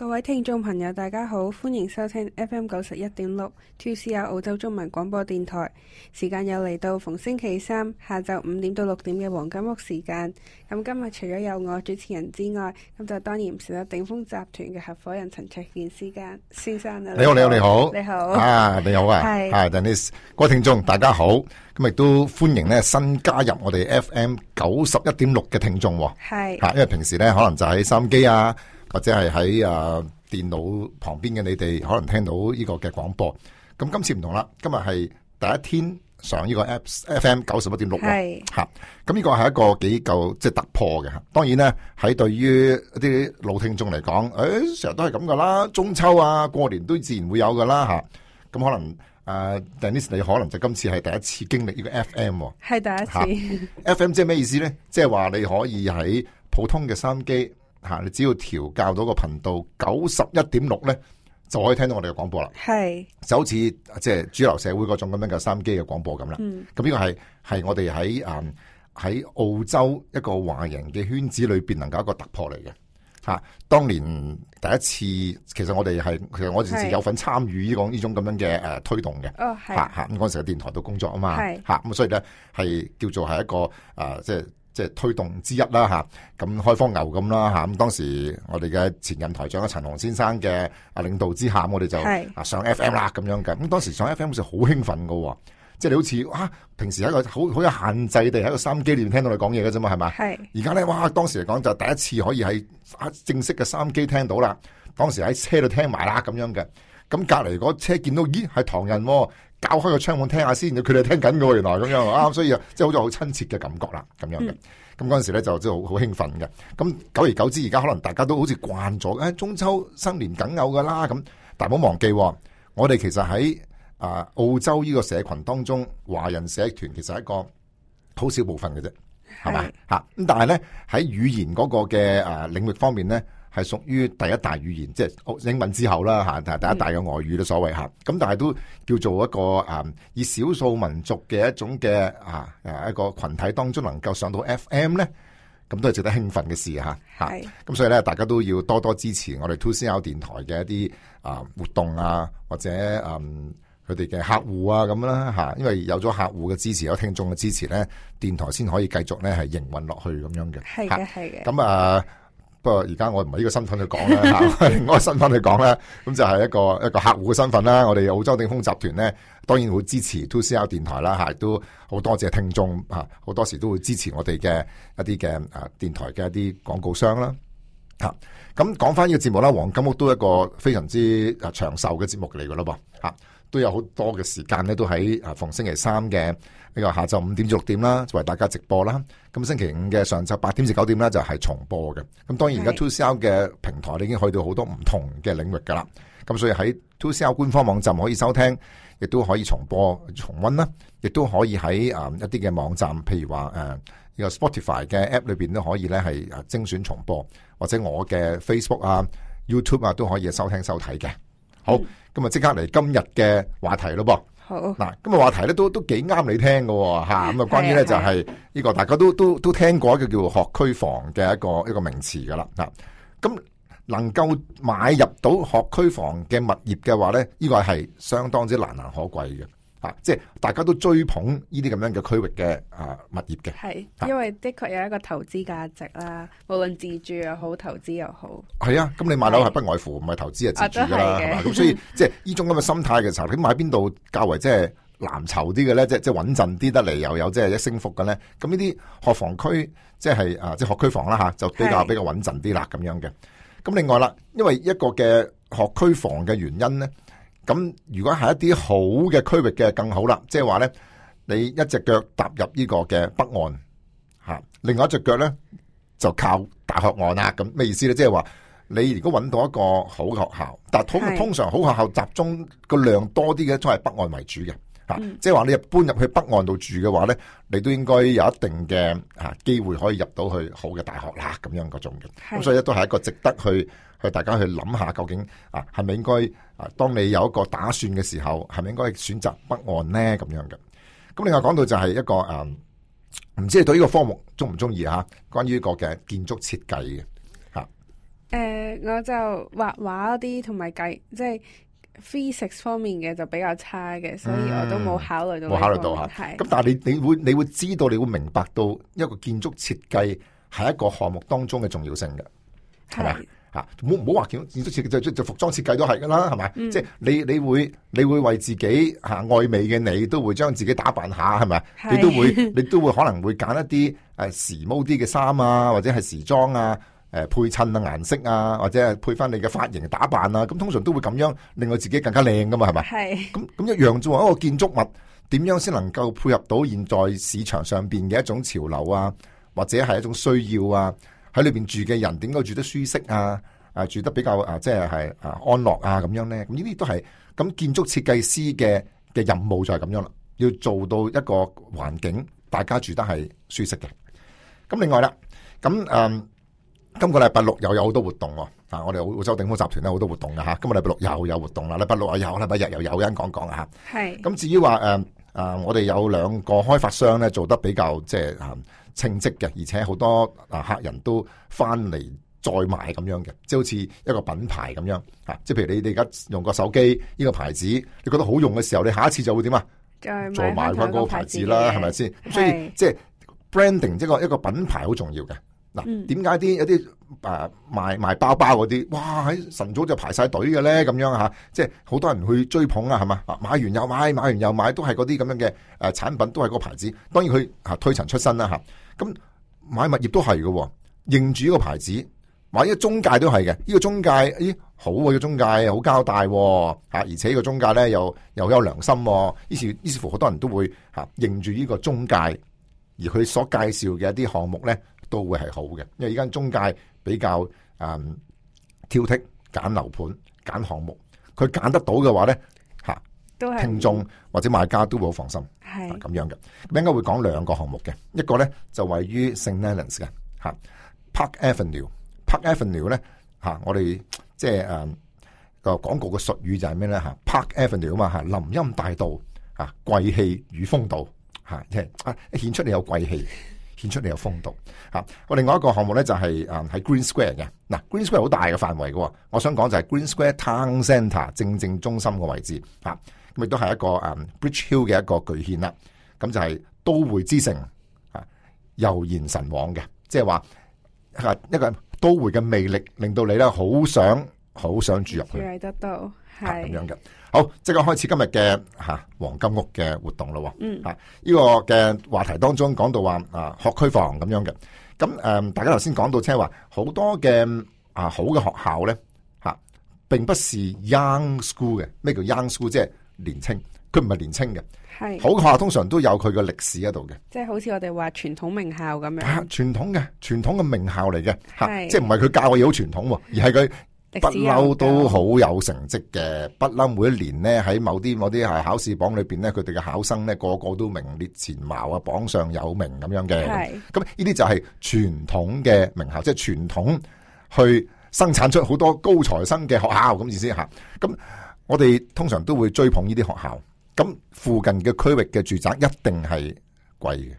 各位聽眾朋友，大家好，歡迎收聽 FM 九十一點六 2CR 澳洲中文廣播電台。時間又嚟到逢星期三下晝五點到六點嘅黃金屋時間。咁今日除咗有我主持人之外，咁就當然唔少得頂峰集團嘅合夥人陳焯楗先生好、啊，你好，你好，你好，你好啊，你好啊，係。但係各位聽眾大家好，咁亦都歡迎咧新加入我哋 FM 九十一點六嘅聽眾。係吓，因為平時咧可能就喺收音機啊。或者係喺啊電腦旁邊嘅你哋可能聽到呢個嘅廣播，咁今次唔同啦，今日係第一天上呢個 apps F M 九十一點六吓，咁、啊、呢個係一個幾夠即係突破嘅，當然咧喺對於一啲老聽眾嚟講，誒成日都係咁噶啦，中秋啊過年都自然會有噶啦吓，咁、啊、可能誒、啊、Denis 你可能就今次係第一次經歷呢個 F M，係第一次，F M 即係咩意思咧？即係話你可以喺普通嘅三機。吓，你只要調校到個頻道九十一點六咧，就可以聽到我哋嘅廣播啦。係就好似即係主流社會嗰種咁樣嘅收音機嘅廣播咁啦。咁、嗯、呢個係係我哋喺誒喺澳洲一個華人嘅圈子裏邊能夠一個突破嚟嘅。吓、啊，當年第一次，其實我哋係其實我哋有份參與呢個呢種咁樣嘅誒、啊、推動嘅。哦，係吓吓咁嗰陣時喺電台度工作啊嘛。係吓咁，所以咧係叫做係一個誒即係。啊就是即、就、係、是、推動之一啦，咁開荒牛咁啦。咁當時我哋嘅前任台長阿陳宏先生嘅，阿領導之下，我哋就啊上 FM 啦咁樣嘅。咁當時上 FM 就好興奮㗎喎，即係你好似哇，平時喺個好好有限制地喺個三機機裏邊聽到你講嘢嘅啫嘛，係咪？而家咧哇，當時嚟講就第一次可以係正式嘅三機機聽到啦。當時喺車度聽埋啦咁樣嘅，咁隔離嗰車見到，咦係唐人喎、啊。搞開個窗望聽下先，佢哋聽緊噶喎，原來咁樣啊，所以啊，即係好似好親切嘅感覺啦，咁樣嘅。咁嗰陣時咧就即係好好興奮嘅。咁久而久之，而家可能大家都好似慣咗，誒，中秋、新年梗有噶啦。咁但係唔好忘記，我哋其實喺啊澳洲呢個社群當中，華人社團其實一個好少部分嘅啫，係嘛吓。咁但係咧喺語言嗰個嘅誒領域方面咧。係屬於第一大語言，即係英文之後啦嚇，但係第一大嘅外語都、嗯、所謂嚇。咁但係都叫做一個誒，以少數民族嘅一種嘅啊，一個群體當中能夠上到 FM 咧，咁都係值得興奮嘅事嚇嚇。咁所以咧，大家都要多多支持我哋 2CR 電台嘅一啲啊活動啊，或者誒佢哋嘅客戶啊咁樣啦嚇。因為有咗客戶嘅支持，有聽眾嘅支持咧，電台先可以繼續咧係營運落去咁樣嘅。係嘅，係嘅。咁啊～不過而家我唔係呢個身份去講啦，另外一個身份去講啦。咁就係一個一個客戶嘅身份啦。我哋澳洲鼎豐集團咧，當然會支持 2CR 電台啦，係都好多謝聽眾嚇，好多時都會支持我哋嘅一啲嘅啊電台嘅一啲廣告商啦，嚇。咁講翻呢個節目啦，黃金屋都係一個非常之啊長壽嘅節目嚟噶啦，吓。都有好多嘅時間咧，都喺啊逢星期三嘅呢個下晝五點至六點啦，就為大家直播啦。咁星期五嘅上晝八點至九點咧，就係重播嘅。咁當然而家 To s e l 嘅平台，已經去到好多唔同嘅領域噶啦。咁所以喺 2CR 官方網站可以收聽，亦都可以重播重溫啦，亦都可以喺啊一啲嘅網站，譬如話誒呢個 Spotify 嘅 App 裏邊都可以咧係精選重播。或者我嘅 Facebook 啊、YouTube 啊都可以收聽收睇嘅。好，咁就即刻嚟今日嘅話題咯噃。好，嗱，今日話題呢都都幾啱你聽嘅吓。咁啊，啊關於呢，是就係、是、呢個大家都都都聽過一個叫學區房嘅一個一個名詞噶啦。嗱、啊，咁能夠買入到學區房嘅物業嘅話呢，呢、這個係相當之難能可貴嘅。啊！即係大家都追捧呢啲咁樣嘅區域嘅啊物業嘅，係、啊、因為的確有一個投資價值啦，無論自住又好，投資又好，係啊！咁你買樓係不外乎唔係投資係自住啦，係嘛？咁所以即係呢種咁嘅心態嘅時候，你買邊度較為即係藍籌啲嘅咧，即係即係穩陣啲得嚟，又有即係一升幅嘅咧。咁呢啲學房區即係啊，即、就、係、是、學區房啦吓，就比較比較穩陣啲啦，咁樣嘅。咁另外啦，因為一個嘅學區房嘅原因咧。咁如果係一啲好嘅區域嘅更好啦，即係話咧，你一隻腳踏入呢個嘅北岸吓，另外一隻腳咧就靠大學岸啦。咁咩意思咧？即係話你如果揾到一個好學校，但通通常好學校集中個量多啲嘅都係北岸為主嘅。即係話你一搬入去北岸度住嘅話呢，你都應該有一定嘅啊機會可以入到去好嘅大學啦，咁樣嗰種嘅。咁所以都係一個值得去去大家去諗下，究竟啊係咪應該啊當你有一個打算嘅時候，係咪應該選擇北岸呢？咁樣嘅。咁另外講到就係一個誒，唔知你對呢個科目中唔中意啊？關於個嘅建築設計嘅吓。誒、呃，我就畫畫嗰啲同埋計，即係。Physics 方面嘅就比較差嘅，所以我都冇考慮到，、嗯、到。冇考慮到吓，咁但係你你會你會知道你會明白到一個建築設計係一個項目當中嘅重要性嘅，係咪啊？唔好唔好話建建築設計就就服裝設計都係噶啦，係咪、嗯？即係你你會你會為自己吓愛美嘅你都會將自己打扮下，係咪？你都會你都會可能會揀一啲誒時髦啲嘅衫啊，或者係時裝啊。誒，配襯啊，顏色啊，或者係配翻你嘅髮型打扮啊，咁通常都會咁樣令我自己更加靚噶嘛，係咪？係。咁咁一樣做喎，一個建築物點樣先能夠配合到現在市場上邊嘅一種潮流啊，或者係一種需要啊，喺裏邊住嘅人點解住得舒適啊？啊，住得比較啊，即係，係啊安樂啊咁樣咧，咁呢啲都係咁建築設計師嘅嘅任務就係咁樣啦，要做到一個環境大家住得係舒適嘅。咁另外啦，咁誒。嗯今個禮拜六又有好多活動喎，啊，我哋澳洲鼎豐集團咧好多活動嘅、啊、吓，今個禮拜六又有活動啦、啊，禮拜六啊有，禮拜日又有，有，人講講啊吓。係。咁至於話誒啊，呃呃、我哋有兩個開發商咧做得比較即係啊稱職嘅，而且好多啊、呃、客人都翻嚟再買咁樣嘅，即係好似一個品牌咁樣啊，即係譬如你你而家用個手機呢、這個牌子，你覺得好用嘅時候，你下一次就會點啊？再再買翻個牌子啦，係咪先？所以即係 branding 一個一個品牌好重要嘅。嗱、啊，點解啲有啲誒賣賣包包嗰啲，哇喺晨早就排晒隊嘅咧，咁樣吓，即係好多人去追捧啊，係嘛，買完又買，買完又買，都係嗰啲咁樣嘅誒、啊、產品，都係個牌子。當然佢吓、啊、推陳出新啦吓，咁、啊啊、買物業都係嘅、啊，認住呢個牌子，買、啊、呢、這個中介都係嘅，呢、啊這個中介咦好啊，個中介好交代啊，啊而且呢個中介咧又又有良心、啊，於是於是乎好多人都會吓、啊、認住呢個中介，而佢所介紹嘅一啲項目咧。都會係好嘅，因為而家中介比較啊、嗯、挑剔揀樓盤揀項目，佢揀得到嘅話咧吓，聽眾、嗯、或者買家都會好放心係咁樣嘅。咁應該會講兩個項目嘅，一個咧就位於聖奈蘭斯嘅吓，Park Avenue，Park Avenue 咧 Park 吓、啊，我哋即係誒個廣告嘅術語就係咩咧吓，Park Avenue 嘛啊嘛吓，林蔭大道吓，貴氣與風度吓，即係啊顯、就是啊、出你有貴氣。顯出你有風度嚇。我另外一個項目咧就係啊喺 Green Square 嘅，嗱 Green Square 好大嘅範圍嘅，我想講就係 Green Square Town Centre 正正中心嘅位置嚇，咁亦都係一個啊 Bridge Hill 嘅一個巨獻啦。咁就係、是、都會之城嚇，油然神往嘅，即係話一個都會嘅魅力，令到你咧好想好想住入去。係咁、啊、樣嘅，好，即刻開始今日嘅吓黃金屋嘅活動咯、啊。嗯，吓、啊、呢、這個嘅話題當中講到話啊學區房咁樣嘅，咁、啊、誒，大家頭先講到即係話好多嘅啊好嘅學校咧吓、啊，並不是 young school 嘅。咩叫 young school？即係年青，佢唔係年青嘅。係好嘅學校通常都有佢嘅歷史喺度嘅。即、就、係、是、好似我哋話傳統名校咁樣。傳、啊、統嘅，傳統嘅名校嚟嘅。係、啊啊、即係唔係佢教嘅嘢好傳統，而係佢。不嬲都好有成績嘅，不嬲每一年呢，喺某啲某啲係考試榜裏面呢，佢哋嘅考生呢個個都名列前茅啊，榜上有名咁樣嘅。咁呢啲就係傳統嘅名校，即係傳統去生產出好多高材生嘅學校咁意思嚇。咁我哋通常都會追捧呢啲學校，咁附近嘅區域嘅住宅一定係貴嘅。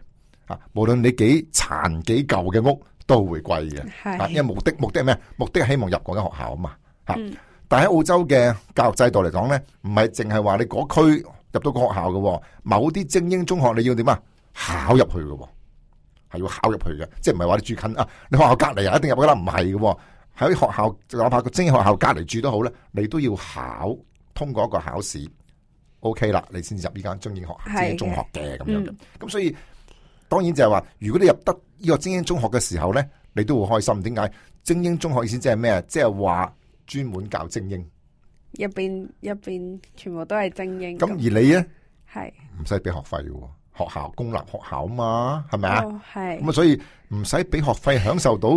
啊，無論你幾殘幾舊嘅屋。都會貴嘅，因為目的目的係咩？目的係希望入嗰間學校啊嘛。嗯、但係喺澳洲嘅教育制度嚟講咧，唔係淨係話你嗰區入到個學校嘅，某啲精英中學你要點啊？考入去嘅，係要考入去嘅，即係唔係話你住近啊？你學校隔籬又一定入去啦？唔係嘅，喺學校哪怕個精英學校隔籬住都好咧，你都要考通過一個考試，OK 啦，你先至入呢間精英學校即係中學嘅咁樣。咁、嗯、所以。當然就係話，如果你入得呢個精英中學嘅時候呢，你都會開心。點解？精英中學意思即係咩？即係話專門教精英，入邊入邊全部都係精英。咁而你呢？係唔使俾學費嘅，學校公立學校啊嘛，係咪啊？係咁啊！所以唔使俾學費，享受到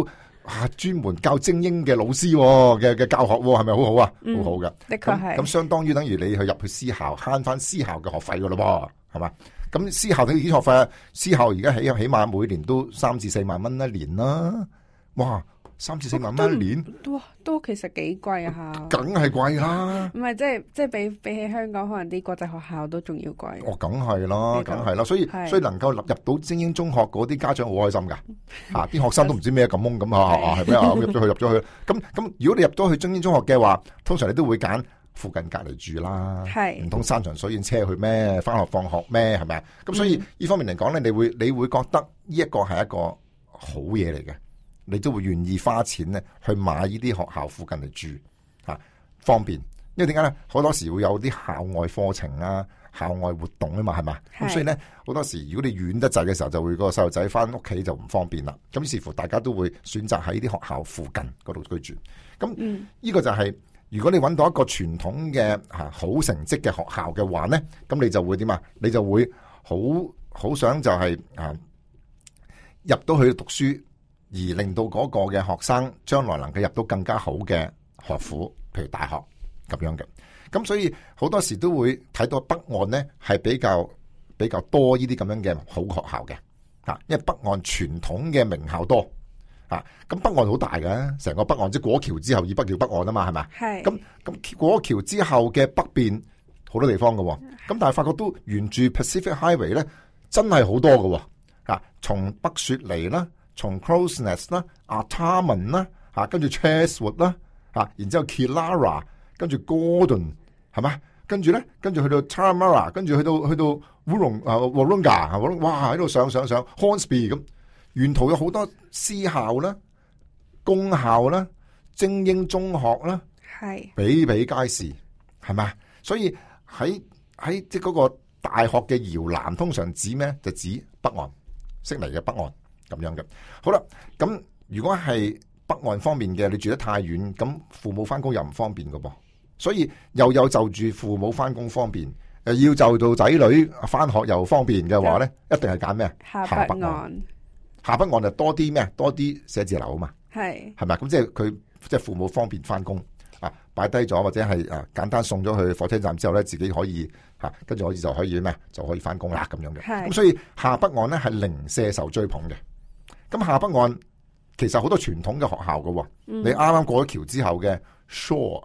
啊專門教精英嘅老師嘅嘅教學，係咪好好啊？嗯、好好噶，的確係咁，相當於等於你去入去私校，慳翻私校嘅學費噶咯，係嘛？咁私校嘅醫學費，私校而家起起碼每年都三至四萬蚊一年啦。哇，三至四萬蚊一年都都，都其實幾貴呀。梗係貴啦。唔係、啊啊、即係即係比比起香港可能啲國際學校都仲要貴。哦，梗係啦，梗係啦。所以所以，所以能夠入入到精英中學嗰啲家長好開心㗎。啲、 啊、學生都唔知咩咁懵咁啊，係咩啊？入咗去入咗去。咁咁如果你入咗去精英中學嘅話，通常你都會揀。附近隔籬住啦，係唔通山長水遠車去咩？翻學放學咩？係咪？咁所以呢、嗯、方面嚟講咧，你會你會覺得呢一個係一個好嘢嚟嘅，你都會願意花錢咧去買呢啲學校附近嚟住吓，方便。因為點解呢？好多時會有啲校外課程啊、校外活動啊嘛，係咪？咁所以呢，好多時如果你遠得滯嘅時候，就會個細路仔翻屋企就唔方便啦。咁似乎，大家都會選擇喺啲學校附近嗰度居住。咁呢個就係、是。嗯如果你揾到一個傳統嘅嚇、啊、好成績嘅學校嘅話呢，咁你就會點啊？你就會好好想就係、是、啊入到去讀書，而令到嗰個嘅學生將來能夠入到更加好嘅學府，譬如大學咁樣嘅。咁所以好多時都會睇到北岸呢係比較比較多呢啲咁樣嘅好學校嘅啊，因為北岸傳統嘅名校多。啊！咁北岸好大嘅，成個北岸即果橋之後以北叫北岸啊嘛，係咪？係。咁咁過橋之後嘅北邊好多地方嘅、哦，咁但係發覺都沿住 Pacific Highway 咧，真係好多嘅、哦。啊，從北雪梨啦，從 Crows Nest 啦，Artarmon 啦，吓、啊，跟住 Chatswood 啦，吓、啊，然之後 Killara，跟住 Gordon 係嘛？跟住咧，跟住去到 Turramurra，跟住去到去到烏龍啊，Wahroonga，、啊、哇！喺、啊、度上上上，上 Hornsby 咁。沿途有好多私校啦、公校啦、精英中學啦，係比比皆是，係嘛？所以喺喺即嗰個大學嘅搖籃，通常指咩？就指北岸，悉尼嘅北岸咁樣嘅。好啦，咁如果係北岸方面嘅，你住得太遠，咁父母翻工又唔方便噶噃。所以又有就住父母翻工方便，誒要就到仔女翻學又方便嘅話咧、就是，一定係揀咩？下北岸。下北岸就多啲咩？多啲寫字樓啊嘛，係係咪咁即係佢即係父母方便翻工啊，擺低咗或者係啊簡單送咗去火車站之後咧，自己可以吓、啊、跟住可以就可以咩？就可以翻工啦咁樣嘅。咁所以下北岸咧係零舍受追捧嘅。咁下北岸其實好多傳統嘅學校噶、哦嗯，你啱啱過咗橋之後嘅 Shore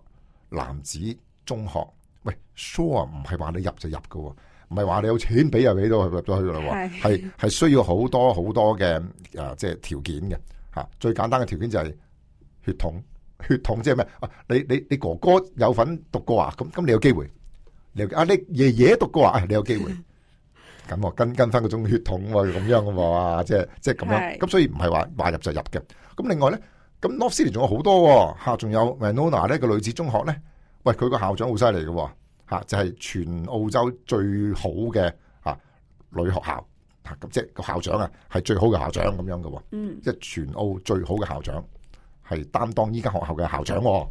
男子中學，喂 Shore 唔係話你入就入噶、哦。唔係話你有錢俾就俾到入咗去咯，係係需要好多好多嘅誒，即係條件嘅吓。最簡單嘅條件就係血統，血統即係咩？你你你哥哥有份讀過啊？咁咁你有機會？啊你爺爺讀過啊？你有機會？咁跟跟翻嗰種血統咁樣嘅喎，即係即係咁樣。咁所以唔係話話入就入嘅。咁另外咧，咁 North Sydney 仲有好多吓，仲有 Wenona 呢個女子中學咧，喂佢個校長好犀利嘅。吓就係、是、全澳洲最好嘅吓女學校吓咁即係個校長啊係最好嘅校長咁樣嘅，即、嗯、係、就是、全澳最好嘅校長係擔當呢間學校嘅校長，咁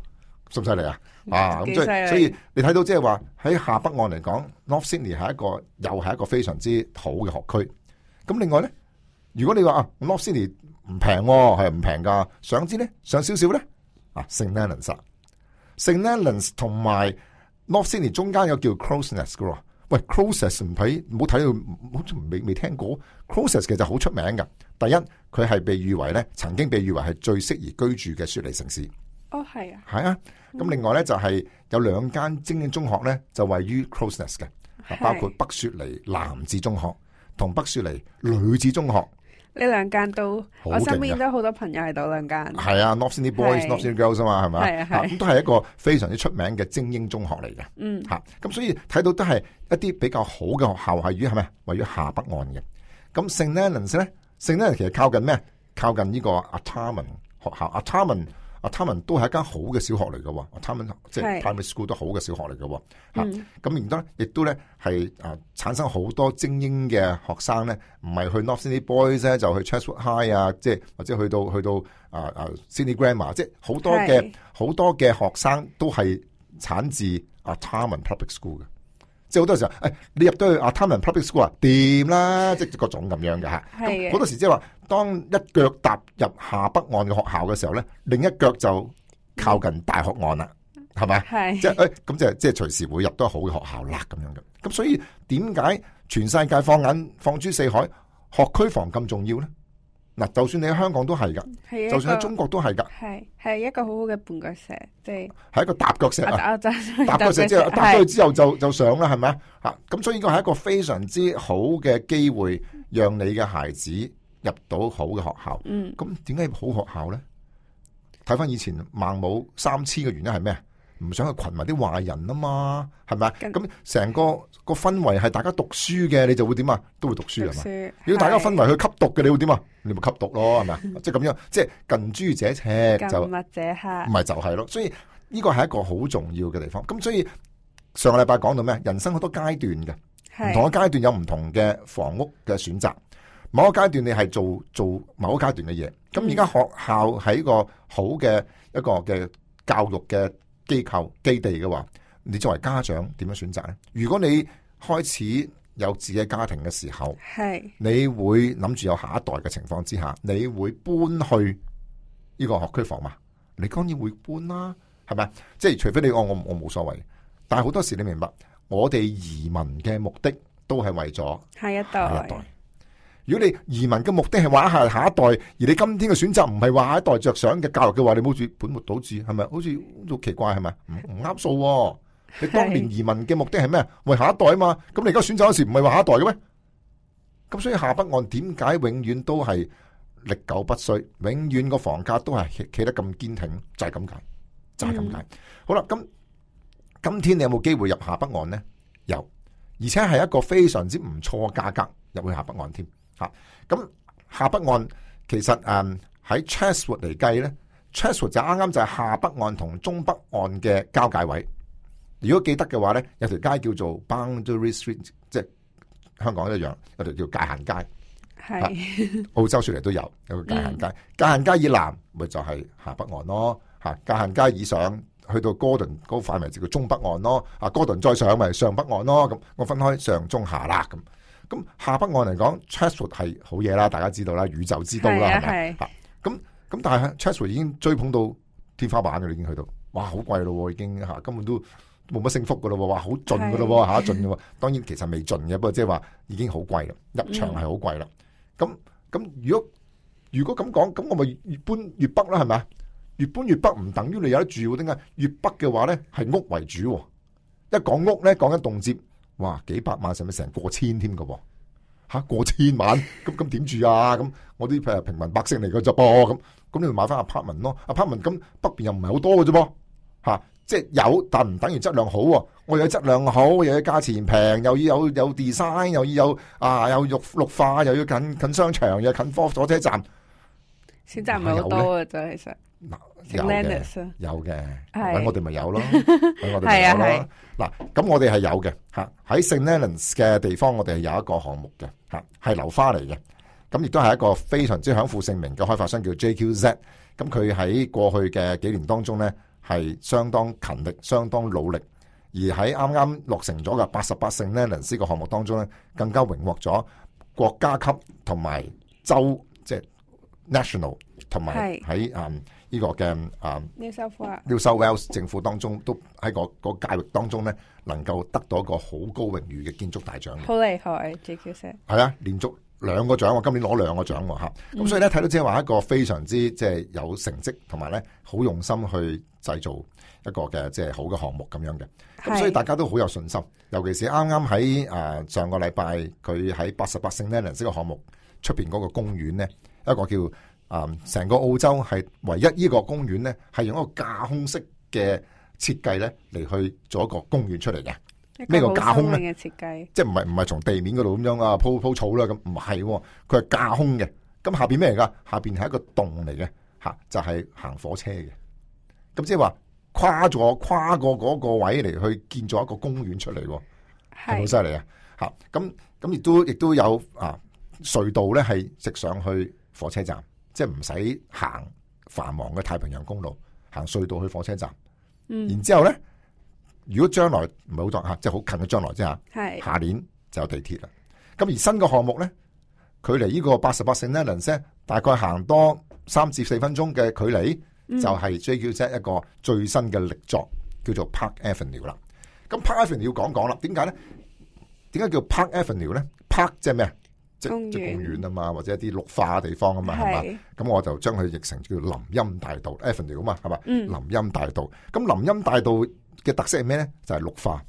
犀唔犀利啊？啊咁所以所以你睇到即係話喺下北岸嚟講 North Sydney 係一個又係一個非常之好嘅學區。咁另外咧，如果你話啊 North Sydney 唔平係唔平噶，上之咧上少少咧啊，St. Leonards，St. Leonards 同埋。North Sydney 中間有叫 Crows Nest 噶喎。喂 Crows Nest 唔睇，冇睇到，好似未未聽過 Crows Nest 其實好出名嘅。第一佢係被譽為咧，曾經被譽為係最適宜居住嘅雪梨城市。哦，係啊，係啊，咁另外咧就係、是、有兩間精英中學咧就位於 Crows Nest 嘅，包括北雪梨男子中學同北雪梨女子中學。呢兩間都，很啊、我身邊都好多朋友喺度。兩間。係啊，North Sydney Boys，North Sydney Girls 啊嘛，係咪啊？咁、啊啊啊啊啊啊、都係一個非常之出名嘅精英中學嚟嘅。嗯，嚇咁、啊、所以睇到都係一啲比較好嘅學校係於係咪？位於下北岸嘅。咁 St Leonards 咧，St Leonards 其實靠近咩？靠近呢個 Artarmon 學校，Artarmon。啊，他們、就是、都係一間好嘅小學嚟嘅，嗯啊呃啊呃啊，啊，他們即係 primary school 都好嘅小學嚟嘅，嚇咁然之後亦都咧係啊產生好多精英嘅學生咧，唔係去 North Sydney Boys 咧，就去 Chatswood High 啊，即係或者去到去到啊啊 Sydney Grammar，即係好多嘅好多嘅學生都係產自啊 Artarmon Public School 嘅。即好多時候，誒、哎、你入到去啊 Tomlin Public School 啊，掂啦，即各種咁樣嘅嚇。咁好多時即係話，當一腳踏入下北岸嘅學校嘅時候咧，另一腳就靠近大學岸啦，係、嗯、咪？即係誒，咁、哎就是、即係即係隨時會入到好嘅學校啦，咁樣嘅。咁所以點解全世界放眼放諸四海，學區房咁重要咧？嗱，就算你喺香港都係㗎，就算喺中國都係㗎，係係一個很好好嘅半腳石，即係係一個搭腳石啊！搭腳石之後，搭咗之後就去之後就，就上啦，係咪啊？嚇！咁所以應該係一個非常之好嘅機會，讓你嘅孩子入到好嘅學校。嗯，咁點解好學校咧？睇返以前孟母三遷嘅原因係咩啊？唔想去群埋啲壞人啊嘛，係咪啊？咁成個個氛圍係大家讀書嘅，你就會點啊？都會讀書係嘛？如果大家氛圍去吸毒嘅，你會點啊？你咪吸毒咯，係咪啊？ 即係咁樣，即係近朱者赤就近墨者黑，唔係就係咯。所以呢個係一個好重要嘅地方。咁所以上個禮拜講到咩？人生好多階段嘅，唔同嘅階段有唔同嘅房屋嘅選擇。某個階段你係做做某個階段嘅嘢。咁而家學校係一個好嘅一個嘅教育嘅，機構基地嘅話，你作為家長點樣選擇呢？如果你開始有自己家庭嘅時候，係你會諗住有下一代嘅情況之下，你會搬去呢個學區房嘛？你當然會搬啦，啊，係咪？即係除非你我我我冇所謂，但係好多時你明白，我哋移民嘅目的都係為咗下一代。如果你移民嘅目的係話下下一代，而你今天嘅選擇唔係為下一代着想嘅教育嘅話，你冇住本末倒置係咪？好似好奇怪係咪？唔唔啱數。你當年移民嘅目的係咩？為下一代啊嘛。咁你而家選擇嗰時唔係為下一代嘅咩？咁所以下北岸點解永遠都係歷久不衰，永遠個房價都係企得咁堅挺，就係咁解，就係咁解。好啦，咁今天你有冇機會入下北岸呢？有，而且係一個非常之唔錯嘅價格入去下北岸添。吓、嗯！咁下北岸其實誒喺 Chatswood 嚟計咧，Chatswood 就啱、是、啱就係下北岸同中北岸嘅交界位。如果記得嘅話咧，有條街叫做 Boundary Street，即係香港一樣有條叫界限街。係 澳洲説嚟都有有個界限街。 嗯、界限街以南咪就係、是、下北岸咯，吓！界限街以上去到 Gordon 嗰個範圍就叫中北岸咯。啊，Gordon 再上咪、就是、上北岸咯。咁我分開上中下啦咁。咁下北岸嚟講，Chatswood 係好嘢啦，大家知道啦，宇宙之都啦，係咪？咁咁、啊啊啊啊啊啊、但係 Chatswood、啊啊啊、已經追捧到天花板嘅，已經去到，哇，好貴咯，已經吓、啊，根本都冇乜升幅噶咯，哇，好盡噶咯，吓盡噶，當然其實未盡嘅，不過即係話已經好貴啦，入場係好貴啦。咁咁、啊、如果如果咁講，咁我咪越搬越，越北啦，係咪？越搬越北唔等於你有得住，點解？越北嘅話咧係屋為主，一講屋咧講緊棟接。哇，幾百萬使咪成過千添嘅喎，吓，過千萬，咁咁點住啊？咁我啲誒平民百姓嚟嘅啫噃，咁咁你咪買翻阿柏文咯，阿柏文咁北邊又唔係好多嘅啫噃，吓、啊，即係有，但唔等於質量好喎。我要質量好，又要價錢平，又要有有 design，又要有啊，有綠綠化，又要近近商場，又要近火火車站，選擇唔係好多啊，啫，其實。嗱、啊，有嘅，有嘅、嗯，喺我哋咪有咯，喺、 嗯、我哋咪有咯。嗱、 嗯，咁我哋係有嘅，嚇喺聖奈倫斯嘅地方，我哋係有一個項目嘅，嚇係流花嚟嘅。咁亦都係一個非常之享富盛名嘅開發商，叫 JQZ、嗯。咁佢喺過去嘅幾年當中咧，係相當勤力、相當努力。而喺啱啱落成咗嘅八十八聖奈倫斯呢嘅項目當中咧，更加榮獲咗國家級同埋州即係、就是、national。同埋喺啊呢個嘅啊、嗯、New South Wales 政府當中，都喺個個界域當中咧，能夠得到一個好高榮譽嘅建築大獎。好厲害，JQZ 係啊，連續兩個獎，我今年攞兩個獎喎吓。咁、mm. 嗯、所以咧，睇到即係話一個非常之即係、就是、有成績，同埋咧好用心去製造一個嘅即係好嘅項目咁樣嘅。咁所以大家都好有信心，尤其是啱啱喺誒上個禮拜，佢喺八十八聖 Leonards 個項目出邊嗰個公園咧，一個叫。啊！成個澳洲係唯一呢個公園咧，係用一個架空式嘅設計咧嚟去做一個公園出嚟嘅。咩個架空咧？設計即係唔係唔係從地面嗰度咁樣啊，鋪鋪草啦咁，唔係佢係架空嘅。咁下邊咩嚟噶？下邊係一個洞嚟嘅嚇，就係、是、行火車嘅。咁即係話跨咗跨過嗰個位嚟去建造一個公園出嚟，係好犀利啊！嚇咁咁亦都亦都有啊隧道咧，係直上去火車站。即係唔使行繁忙嘅太平洋公路，行隧道去火車站，嗯、然之後咧，如果將來唔係好當吓，即係好近嘅將來之下，係下年就有地鐵啦。咁而新嘅項目咧，距離個呢個八十八聖埃倫斯，大概行多三至四分鐘嘅距離，嗯、就係、是、JQZ 一個最新嘅力作，叫做 Park Avenue 啦。咁 Park Avenue 要講講啦，點解咧？點解叫 Park Avenue 咧？Park 即係咩啊？即係公園啊嘛，或者一啲綠化嘅地方啊嘛，係嘛？咁我就將佢譯成叫林蔭大道，avenue 嘛，係嘛？林蔭大道，咁、嗯、林蔭大道嘅特色係咩咧？就係、是、綠化。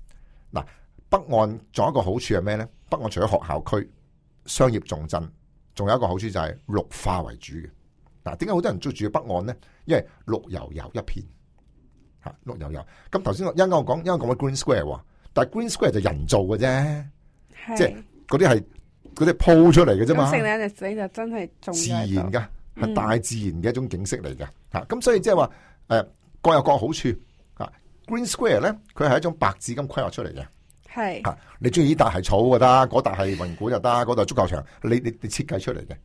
嗱，北岸仲有一個好處係咩咧？北岸除咗學校區、商業重鎮，仲有一個好處就係綠化為主嘅。嗱，點解好多人鍾意住北岸咧？因為綠油油一片，嚇綠油油。咁頭先我一陣間我講一陣間講個 Green Square 喎，但係 Green Square 就人造嘅啫，即係嗰啲係。佢哋鋪出嚟嘅啫嘛，咁 St Leonards 就真係自然噶，係大自然嘅一種景色嚟嘅，吓、嗯、咁所以即係話，誒各有各有好處啊。Green Square 咧，佢係一種白紙咁規劃出嚟嘅，係吓你中意呢笪係草就得，嗰笪係云鼓就得，嗰度足球場，你你你設計出嚟嘅。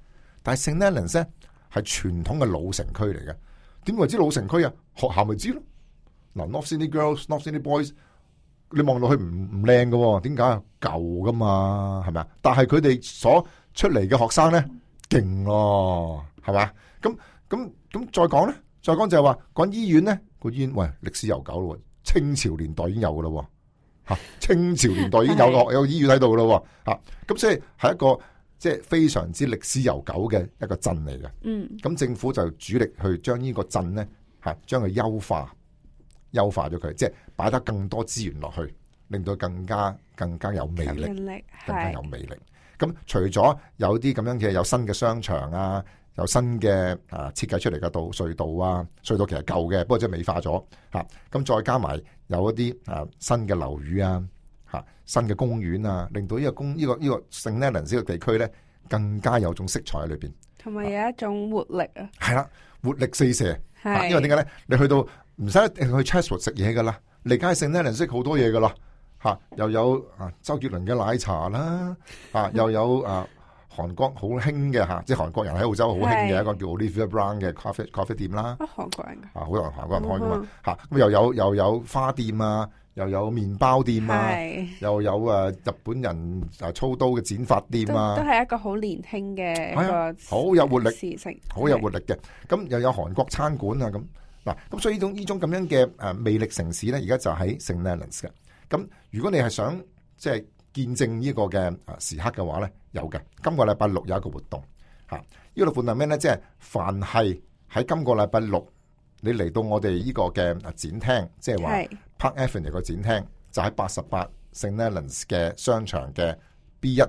但係 St Leonards 咧係傳統嘅老城區嚟嘅，點為之老城區啊？學校咪知咯。嗱 North Sydney Girls, North Sydney Boys。你望落去唔唔靚嘅，點解？舊噶嘛，係咪啊？但係佢哋所出嚟嘅學生咧，勁咯，係嘛？咁咁咁再講咧，再講就係話講醫院咧，個醫院、個、醫院喂歷史悠久咯，清朝年代已經有噶咯，吓清朝年代已經有個 有，有醫院喺度噶咯，吓咁所以係一個即係、即係、非常之歷史悠久嘅一個鎮嚟嘅。嗯，咁政府就主力去將呢個鎮咧吓，將佢優化。優化咗佢，即係擺得更多資源落去，令到更加更加有魅力,力，更加有魅力。咁、嗯、除咗有啲咁樣嘅有新嘅商場啊，有新嘅啊設計出嚟嘅道隧道啊，隧道其實舊嘅，不過即係美化咗吓。咁、嗯嗯嗯、再加埋有一啲啊新嘅樓宇啊，吓新嘅公園啊，令到個、這個這個、個地區呢個公呢個呢個聖尼連斯嘅地區咧，更加有種色彩喺裏邊，同埋有,有一種活力啊。係啦，活力四射。係，因為點解咧？你去到唔使一定去 Chatswood 食嘢噶啦，嚟街食呢，認識好多嘢噶啦，吓又有啊周杰倫嘅奶茶啦，啊又有啊韓國好興嘅吓， 即係韓國人喺澳洲好興嘅一個叫 Olivia Brown 嘅咖啡咖啡店啦，啊韓國人啊好多人韓國人開噶嘛，吓咁、嗯、又有又有花店啊，又有麵包店啊，又有啊日本人啊操刀嘅剪髮店啊，都係一個好年輕嘅好有活力，好有活力嘅，咁又有韓國餐館啊咁。嗱、啊，咁所以呢種呢種咁樣嘅誒魅力城市咧，而家就喺 St Leonards 嘅。咁如果你係想即係、就是、見證呢個嘅啊時刻嘅話咧，有嘅。今個禮拜六有一個活動，嚇、啊，呢個活動係咩咧？即、就、係、是、凡係喺今個禮拜六你嚟到我哋呢個嘅展廳，即係話 Park Avenue 個展廳，就喺八十八 St Leonards 嘅商場嘅 B 一，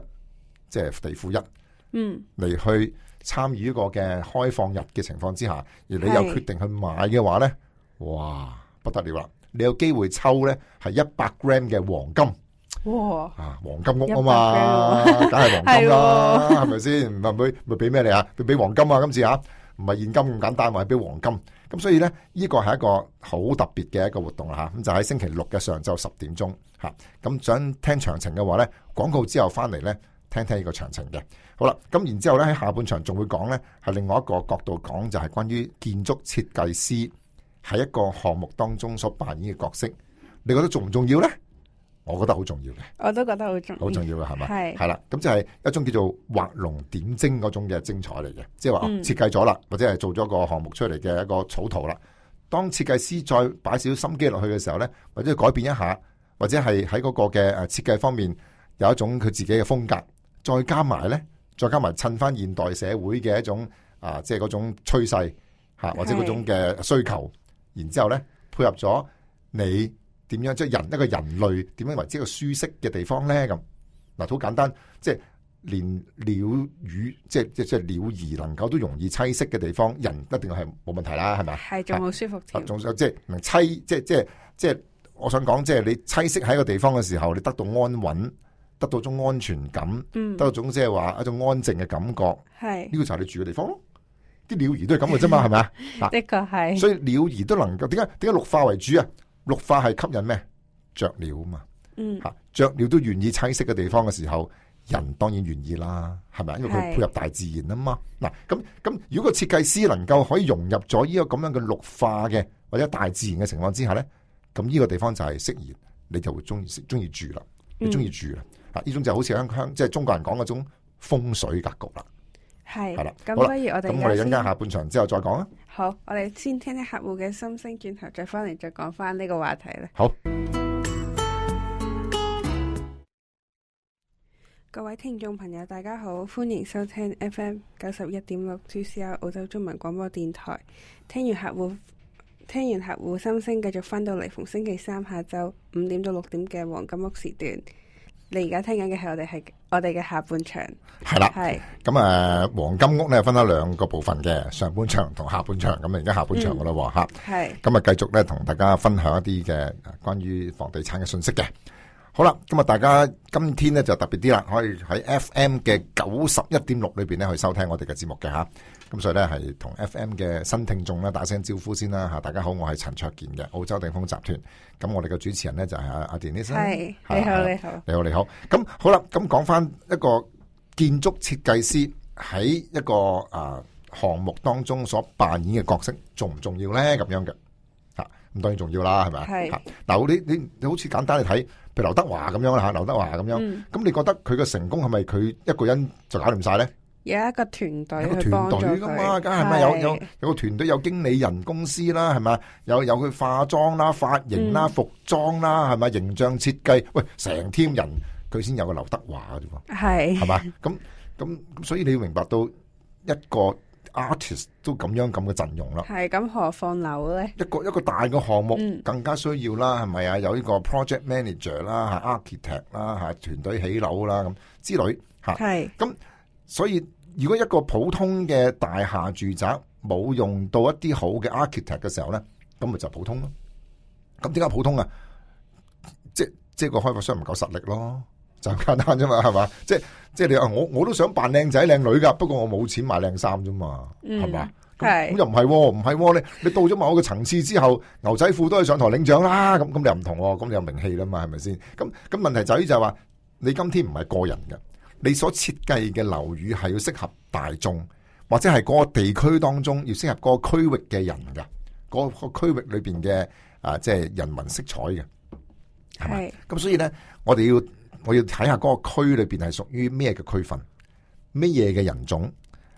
即係地庫一，嗯，嚟去。參與一個嘅開放日嘅情況之下，而你又決定去買嘅話咧，哇，不得了啦！你有機會抽咧，係一百 gram 嘅黃金，哇！啊，黃金屋啊嘛，梗係 黃金啦，係咪先？唔係唔會，咪俾咩你啊？俾俾黃金啊！今次啊，唔係現金咁簡單，話係俾黃金。咁所以咧，呢個係一個好特別嘅一個活動啦咁、啊、就喺星期六嘅上晝十點鐘嚇。咁、啊、想聽詳情嘅話咧，廣告之後翻嚟咧。聽聽呢個詳情嘅，好啦，咁然之後呢，喺下半場仲會講呢，係另外一個角度講，就係關於建築設計師喺一個項目當中所扮演嘅角色，你覺得重唔重要呢？我覺得好重要嘅，我都覺得好重要。好重要嘅係嘛？係啦，咁就係一種叫做畫龍點睛嗰種嘅精彩嚟嘅，即係話設計咗啦，或者係做咗個項目出嚟嘅一個草圖啦。當設計師再擺少心機落去嘅時候呢，或者改變一下，或者係喺嗰個嘅誒設計方面有一種佢自己嘅風格。再加埋咧，再加埋襯返現代社會嘅一種啊，即係嗰種趨勢，啊，或者嗰種嘅需求，然之後咧，配合咗你點樣，即係人一個人類點樣為之一個舒適嘅地方咧？咁嗱，好簡單，即係連鳥魚，即係即係即係鳥兒能夠都容易棲息嘅地方，人一定係冇問題啦，係咪？係，仲好舒服。仲有，即係棲，即係即係即係，我想講即係你棲息喺個地方嘅時候，你得到安穩。得到種安全感，嗯、得到種即係話一種安靜嘅感覺。係、嗯、呢、呢個就係你住嘅地方咯，啲鳥兒都係咁嘅啫嘛，係咪啊？的確係。所以鳥兒都能夠點解點解綠化為主啊？綠化係吸引咩？雀鳥啊嘛。嗯。吓、嗯、雀鳥都願意棲息嘅地方嘅時候，人當然願意啦，係咪？因為佢配合大自然啊嘛。嗱、嗯，咁咁如果個設計師能夠可以融入咗呢個咁樣嘅綠化嘅或者大自然嘅情況之下咧，咁呢個地方就係適宜，你就會中意中意住啦，你中意住啦。嗯呢種就好似香港，即係中國人講嗰種風水格局啦。係係啦，咁所以我哋咁我哋陣間下，下半場之後再講啊。好，我哋先聽啲客戶嘅心聲，轉頭再翻嚟再講翻呢個話題咧。好，各位聽眾朋友，大家好，歡迎收聽 FM 九十一點六 G C R 澳洲中文廣播電台。聽完客戶聽完客戶心聲，繼續翻到嚟逢星期三下晝五點到六點嘅黃金屋時段。你而家聽緊嘅係我哋係我哋嘅下半場，係啦，係咁啊，黃金屋咧分咗兩個部分嘅，上半場同下半場，咁啊而家下半場嘅啦，吓，係，咁啊繼續咧同大家分享一啲嘅關於房地產嘅信息嘅，好啦，咁啊大家今天咧就特別啲啦，可以喺 FM 嘅九十一點六裏邊咧去收聽我哋嘅節目嘅吓。咁、嗯、所以咧，係同 FM 嘅新聽眾咧打聲招呼先啦吓，大家好，我係陳焯楗嘅澳洲鼎豐集團。咁我哋嘅主持人咧就係阿阿田醫生，係你好,、啊你好啊，你好，你好，你好。咁好啦，咁講翻一個建築設計師喺一個啊項目當中所扮演嘅角色重唔重要咧？咁樣嘅吓，咁、啊、當然重要啦，係咪吓嗱，你你你好似簡單嚟睇，譬如劉德華咁樣啦吓，劉德華咁樣，咁、啊嗯、你覺得佢嘅成功係咪佢一個人就搞掂晒咧？有一個團隊，一個團隊噶嘛，梗係咪有有有個團隊有經理人公司啦，係咪？有有佢化妝啦、髮型啦、服裝啦，係咪？形象設計，喂，成 team 人佢先有個劉德華嘅啫嘛，係嘛？咁咁咁，所以你要明白到一個 artist 都咁樣咁嘅陣容啦。係咁，何況樓咧？一個一個大嘅項目更加需要啦，係咪啊？有呢個 project manager 啦，吓 architect 啦，吓團隊起樓啦咁之類，吓。係咁，所以。如果一個普通嘅大廈住宅冇用到一啲好嘅 architect 嘅時候咧，咁咪就,就普通咯。咁點解普通啊？即係即係個開發商唔夠實力咯，就咁簡單啫嘛，係嘛？即係即係你話，我我都想扮靚仔靚女噶，不過我冇錢買靚衫啫嘛，係嘛？咁又唔係，唔係你你到咗某個層次之後，牛仔褲都係上台領獎啦。咁、啊、咁又唔同，咁有名氣啦嘛，係咪先？咁咁問題就係話，你今天唔係個人嘅。你所設計嘅樓宇係要適合大眾，或者係嗰個地區當中要適合嗰個區域嘅人嘅，嗰、嗰個區域裏邊嘅啊，即係人文色彩嘅，係咪？咁所以呢，我哋要我要睇下嗰個區裏邊係屬於咩嘅區份，咩嘢嘅人種，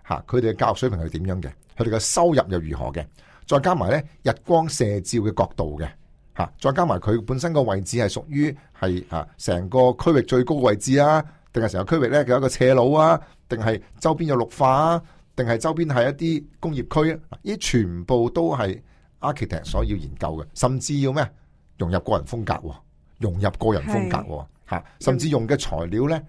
吓佢哋嘅教育水平係點樣嘅，佢哋嘅收入又如何嘅？再加埋呢日光射照嘅角度嘅，吓再加埋佢本身個位置係屬於係吓成個區域最高位置啊。定係成個區域咧，佢有一個斜路啊，定係周邊有綠化啊，定係周邊係一啲工業區啊，呢啲全部都係 architect 所要研究嘅，甚至要咩融入個人風格，融入個人風格嚇，甚至用嘅材料咧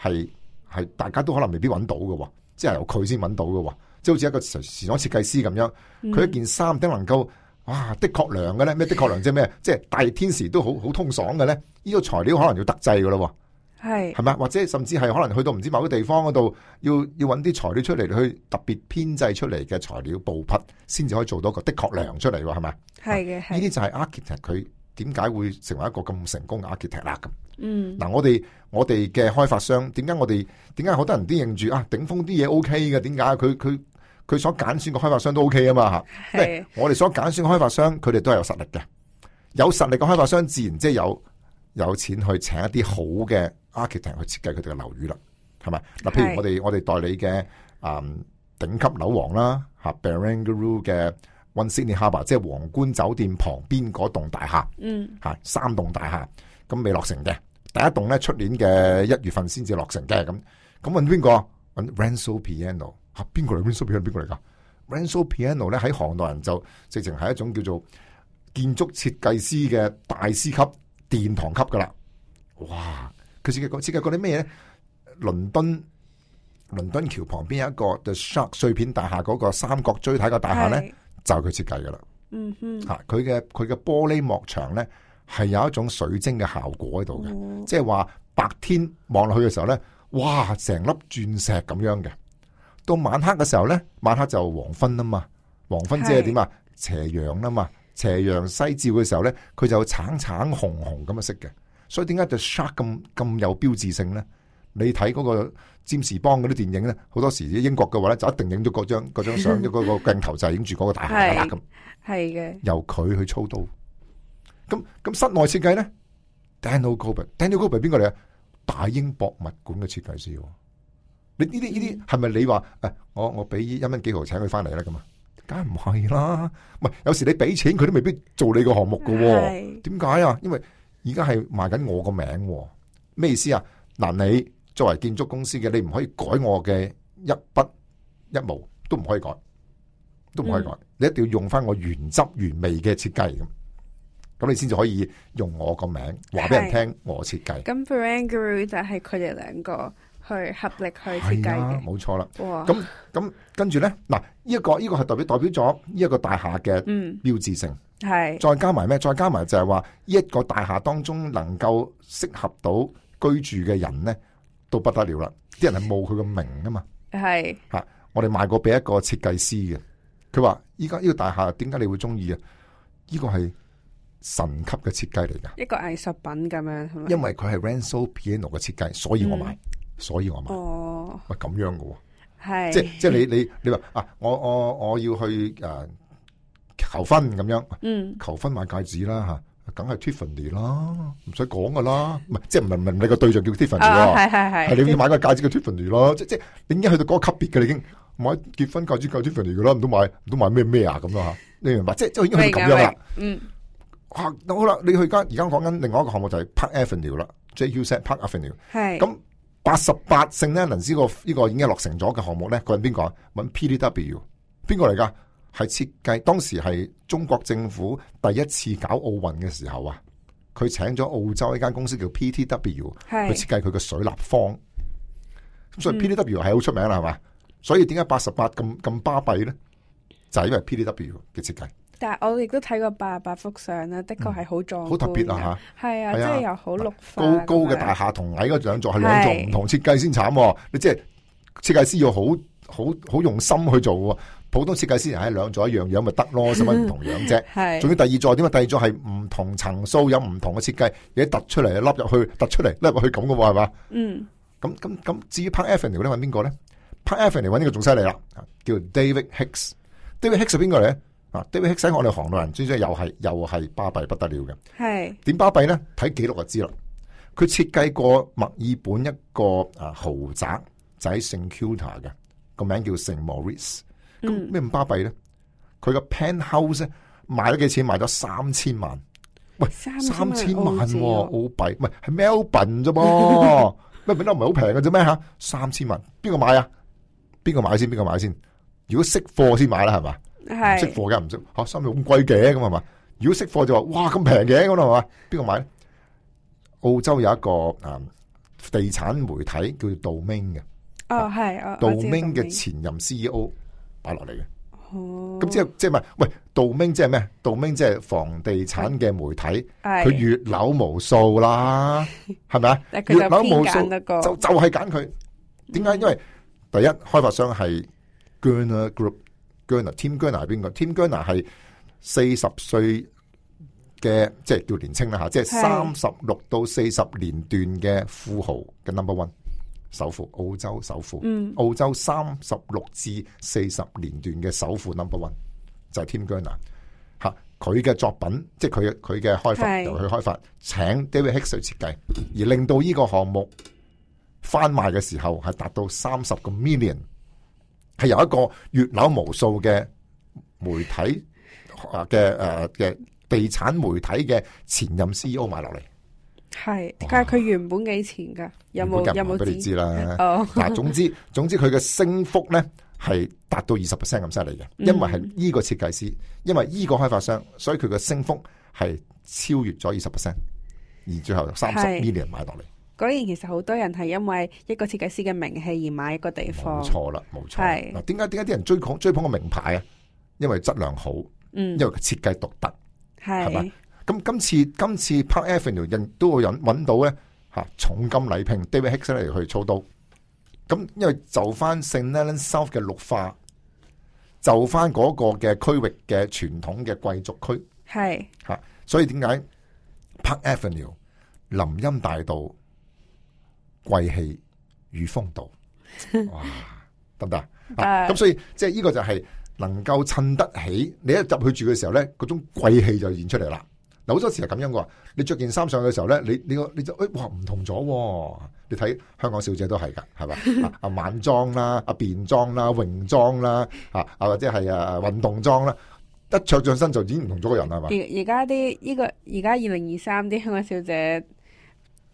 係係大家都可能未必揾到嘅，即係由佢先揾到嘅，即係好似一個時時裝設計師咁樣，佢一件衫點能夠哇的確涼嘅咧？咩的確涼即係咩？即 係大熱天時都好好通爽嘅咧？呢個材料可能要特製嘅咯。係，係咪或者甚至係可能去到唔知某個地方嗰度，要要揾啲材料出嚟去特別編製出嚟嘅材料布匹，先至可以做到一個的確量出嚟喎，係咪？係嘅，呢啲就係 architect 佢點解會成為一個咁成功嘅 architecture 咁？嗯，嗱、啊，我哋我哋嘅開發商點解我哋點解好多人啲認住啊？頂峰啲嘢 OK 嘅，點解？佢佢佢所揀選個開發商都 OK 啊嘛吓，的就是，我哋所揀選個開發商，佢哋都係有實力嘅，有實力嘅開發商自然即係有有錢去請一啲好嘅。architect 去設計佢哋嘅樓宇啦，係咪？嗱、啊，譬如我哋我哋代理嘅、嗯、啊頂級樓王啦，吓 Barangaroo 嘅 One Sydney Harbour，即係皇冠酒店旁邊嗰棟大廈，嗯，吓、啊、三棟大廈，咁未落成嘅，第一棟咧出年嘅一月份先至落成嘅，咁咁問邊個？Renzo Piano 吓，邊個嚟？Renzo Piano 邊個嚟噶？Renzo Piano 咧喺行內人就直情係一種叫做建築設計師嘅大師級殿堂級噶啦，哇！佢設計設計啲咩咧？倫敦倫敦橋旁邊有一個 The Shard 碎片大廈嗰個三角錐體個大廈咧，就佢設計噶啦。嗯哼，啊，佢嘅佢嘅玻璃幕牆咧，係有一種水晶嘅效果喺度嘅，即係話白天望落去嘅時候咧，哇，成粒鑽石咁樣嘅。到晚黑嘅時候咧，晚黑就黃昏啊嘛，黃昏即係點啊？斜陽啊嘛，斜陽西照嘅時候咧，佢就橙橙紅紅咁嘅色嘅。所以點解就 Shard 咁咁有標誌性咧？你睇嗰、那個占士邦嗰啲電影咧，好多時英國嘅話咧，就一定影咗嗰張張相，一、那個個鏡頭就係影住嗰個大廈咁。係 嘅，由佢去操刀。咁咁室內設計咧，Daniel Cobert，Daniel Cobert 邊個嚟啊？大英博物館嘅設計師。你呢啲呢啲係咪你話誒、哎？我我俾一蚊幾毫請佢翻嚟啦咁啊？梗係唔係啦。唔係有時你俾錢佢都未必做你個項目噶、啊。點解啊？因為而家係賣緊我個名，咩意思啊？嗱，你作為建築公司嘅，你唔可以改我嘅一筆一毛，都唔可以改，都唔可以改，嗯。你一定要用翻我原汁原味嘅設計咁，咁你先至可以用我個名話俾人聽我設計，我設計。咁 Frankie 就係佢哋兩個去合力去設計冇錯啦。哇！咁咁跟住咧，嗱，呢個，呢、呢、一個呢個係代表代表咗呢一個大廈嘅標誌性。嗯係，再加埋咩？再加埋就係話，一、這個大廈當中能夠適合到居住嘅人咧，都不得了啦！啲人係冇佢個名啊嘛。係，吓、啊，我哋賣過俾一個設計師嘅，佢話依家呢個大廈點解你會中意啊？呢、這個係神級嘅設計嚟噶，一個藝術品咁樣。因為佢係 Renzo Piano 嘅設計，所以我買、嗯，所以我買。哦，喂、啊，咁樣嘅，係，即係即係你你你話啊，我我我要去誒。啊求婚咁樣，嗯，求婚買戒指啦吓，梗係 Tiffany 啦，唔使講噶啦，唔係即係唔係唔係你個對象叫 Tiffany 喎，係係係，是是是是是你要買個戒指叫 Tiffany 咯， 即即係你而家去到嗰個級別嘅你已經買結婚戒指叫 Tiffany 嘅啦，唔都買唔都買咩咩啊咁樣吓，你明白即即已經係咁樣啦，嗯，啊、好啦，你去而家而家講緊另外一個項目就係 Park Avenue 啦 JQZ Park Avenue，係，咁八十八聖呢能知個呢個已經落成咗嘅項目咧，搵邊個人啊？搵 PDW，邊個嚟噶？係設計當時係中國政府第一次搞奧運嘅時候啊，佢請咗澳洲一間公司叫 PTW 去設計佢個水立方，咁所以 PTW 係好出名啦，係、嗯、嘛？所以點解八十八咁咁巴閉咧？就係，因為 PTW 嘅設計。但係我亦都睇過八十八幅相啦，的確係好壯好特別啊！吓係啊，真係，啊即係，又好六，啊。高高嘅大廈同矮嗰兩座係兩座唔同設計先慘，你即係設計師要好好好用心去做，啊。普通設計師係兩座一樣一樣咪得咯，使乜唔同樣啫？係。 仲要第二座，點解第二座係唔同層數有唔同嘅設計，嘢突出嚟，凹入去，突出嚟，凹入去咁噶喎，係嘛？嗯。咁咁咁，至於 Park Avenue 嚟，你揾邊個咧？Park Avenue 嚟揾呢個仲犀利啦，叫 David Hicks。David Hicks 係邊個嚟啊，David Hicks 我哋行內人之中又係又係巴閉不得了嘅。係。點巴閉咧？睇記錄就知啦。佢設計過墨爾本一個啊豪宅，就喺聖 Kilda 嘅個名叫聖 Moritz 咩唔巴閉咧？佢個 Penthouse 咧，買咗幾錢？買咗三千萬。喂，三千萬、， 啊、萬，澳幣，唔係係 Melbourne 啫噃，咩？變咗唔係好平嘅啫咩吓？三千萬，邊個買啊？邊個買先？邊個買先？如果識貨先買啦，係嘛？識貨梗唔識，吓、啊、三萬咁貴嘅咁係嘛？如果識貨就話，哇咁平嘅咁咯係嘛？邊個買？澳洲有一個誒、嗯、地產媒體叫做 Domain 嘅，哦係 Domain 嘅前任 CEO。落嚟嘅，咁、哦、即係即係咪？喂，Domain 即係咩？Domain 即係房地產嘅媒體，佢、哎、月樓無數啦，係咪啊？月樓無數就就係揀佢，點、嗯、解？因為第一開發商係 Gurner Group，Gurner Tim Gurner 係邊個？Tim Gurner 係四十歲嘅，即係、就是、叫年青啦吓，即係三十六到四十年段嘅富豪嘅 number one。首富澳洲首富，嗯澳洲三十六至四十年段嘅首富 number one 就係 Tim Gurner 吓，佢嘅作品即係佢佢嘅開發由佢開發，請 David Hicks 設計，而令到呢個項目翻賣嘅時候係達到三十個 million，係由一個閱樓無數嘅媒體啊嘅誒嘅地產媒體嘅前任 CEO 買落嚟。係，但係佢原本幾錢噶？有冇有冇俾你知啦？但、oh、係總之總之佢嘅升幅咧係達到二十 percent 咁犀利嘅，因為係呢個設計師，mm. 因為呢個開發商，所以佢嘅升幅係超越咗二十 percent，而最後三十 million 買落嚟。果然其實好多人係因為一個設計師嘅名氣而買一個地方。冇錯啦，冇錯。嗱，點解點解啲人追捧追捧個名牌啊？因為質量好，嗯、mm.，因為設計獨特，係係嘛。咁今次今次 Park Avenue 亦都會揾揾到咧，吓，重金禮聘 David Hicks 嚟去操刀。咁因為就翻聖 Leonards South 嘅綠化，就翻嗰個嘅區域嘅傳統嘅貴族區，係吓，所以點解 Park Avenue 林蔭大道貴氣與風度，哇，得唔得？咁、uh, 所以即係呢個就係能夠襯得起你一入去住嘅時候咧，嗰種貴氣就演出嚟啦。好多時係咁樣噶，你着件衫上去嘅時候咧，你你個你就，誒、哎，哇，唔同咗，啊。你睇香港小姐都係噶，係嘛？ 啊，晚裝啦，啊，便裝啦，泳裝啦，啊，啊，或者係啊，運動裝啦，一着上身就已經唔同咗個人係嘛？而而家啲呢個，而家二零二三啲香港小姐。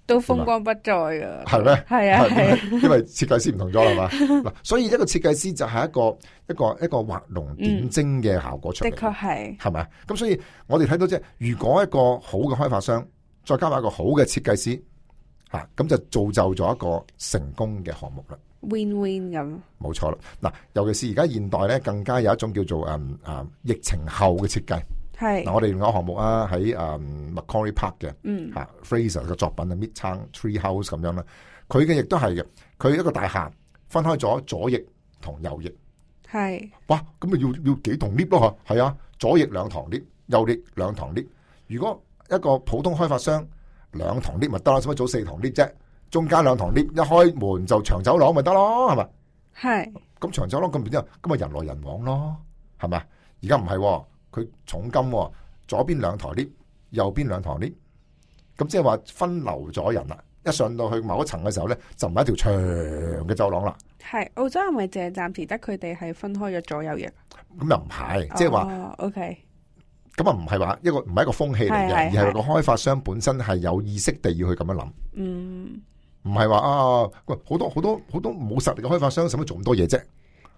都風光不再噶，係咩？係啊，係啊，因為設計師唔同咗啦嘛。嗱， 所以一個設計師就係一個一個一個畫龍點睛嘅效果，出嚟，嗯，的確係，係咪啊？咁所以我哋睇到即係，如果一個好嘅開發商，再加埋一個好嘅設計師，吓，咁就造就咗一個成功嘅項目啦。Win Win 咁，冇錯啦。嗱，尤其是而家現代咧，更加有一種叫做誒誒，嗯嗯，疫情後嘅設計。.係嗱、啊，我哋另有一個項目啊，喺誒、嗯、Macquarie Park 嘅，吓、嗯啊、Fraser 嘅作品啊，Midtown Tree House 咁樣啦。佢嘅亦都係嘅，佢一個大廈分開咗左翼同右翼。係哇，咁咪要要幾堂 lift 咯？嗬，係啊，左翼兩堂 lift，右翼兩堂 lift。如果一個普通開發商兩堂 lift 咪得咯，做乜做四堂 lift 啫？中間兩堂 lift 一開門就長走廊咪得咯？係咪？係咁長走廊咁點啊？咁啊人來人往咯，係咪？而家唔係。佢重金喎、哦，左邊兩台 lift，右邊兩台 lift，咁即係話分流咗人啦。一上到去某一層嘅時候咧，就唔係一條長嘅走廊啦。係澳洲，係咪淨係暫時得佢哋係分開咗左右嘅？咁又唔係，即係話，OK，咁啊唔係話一個唔係一個風氣嚟嘅，而係個開發商本身係有意識地要去咁樣諗。嗯，唔係話啊，好多好多好多冇實力嘅開發商使乜做咁多嘢啫。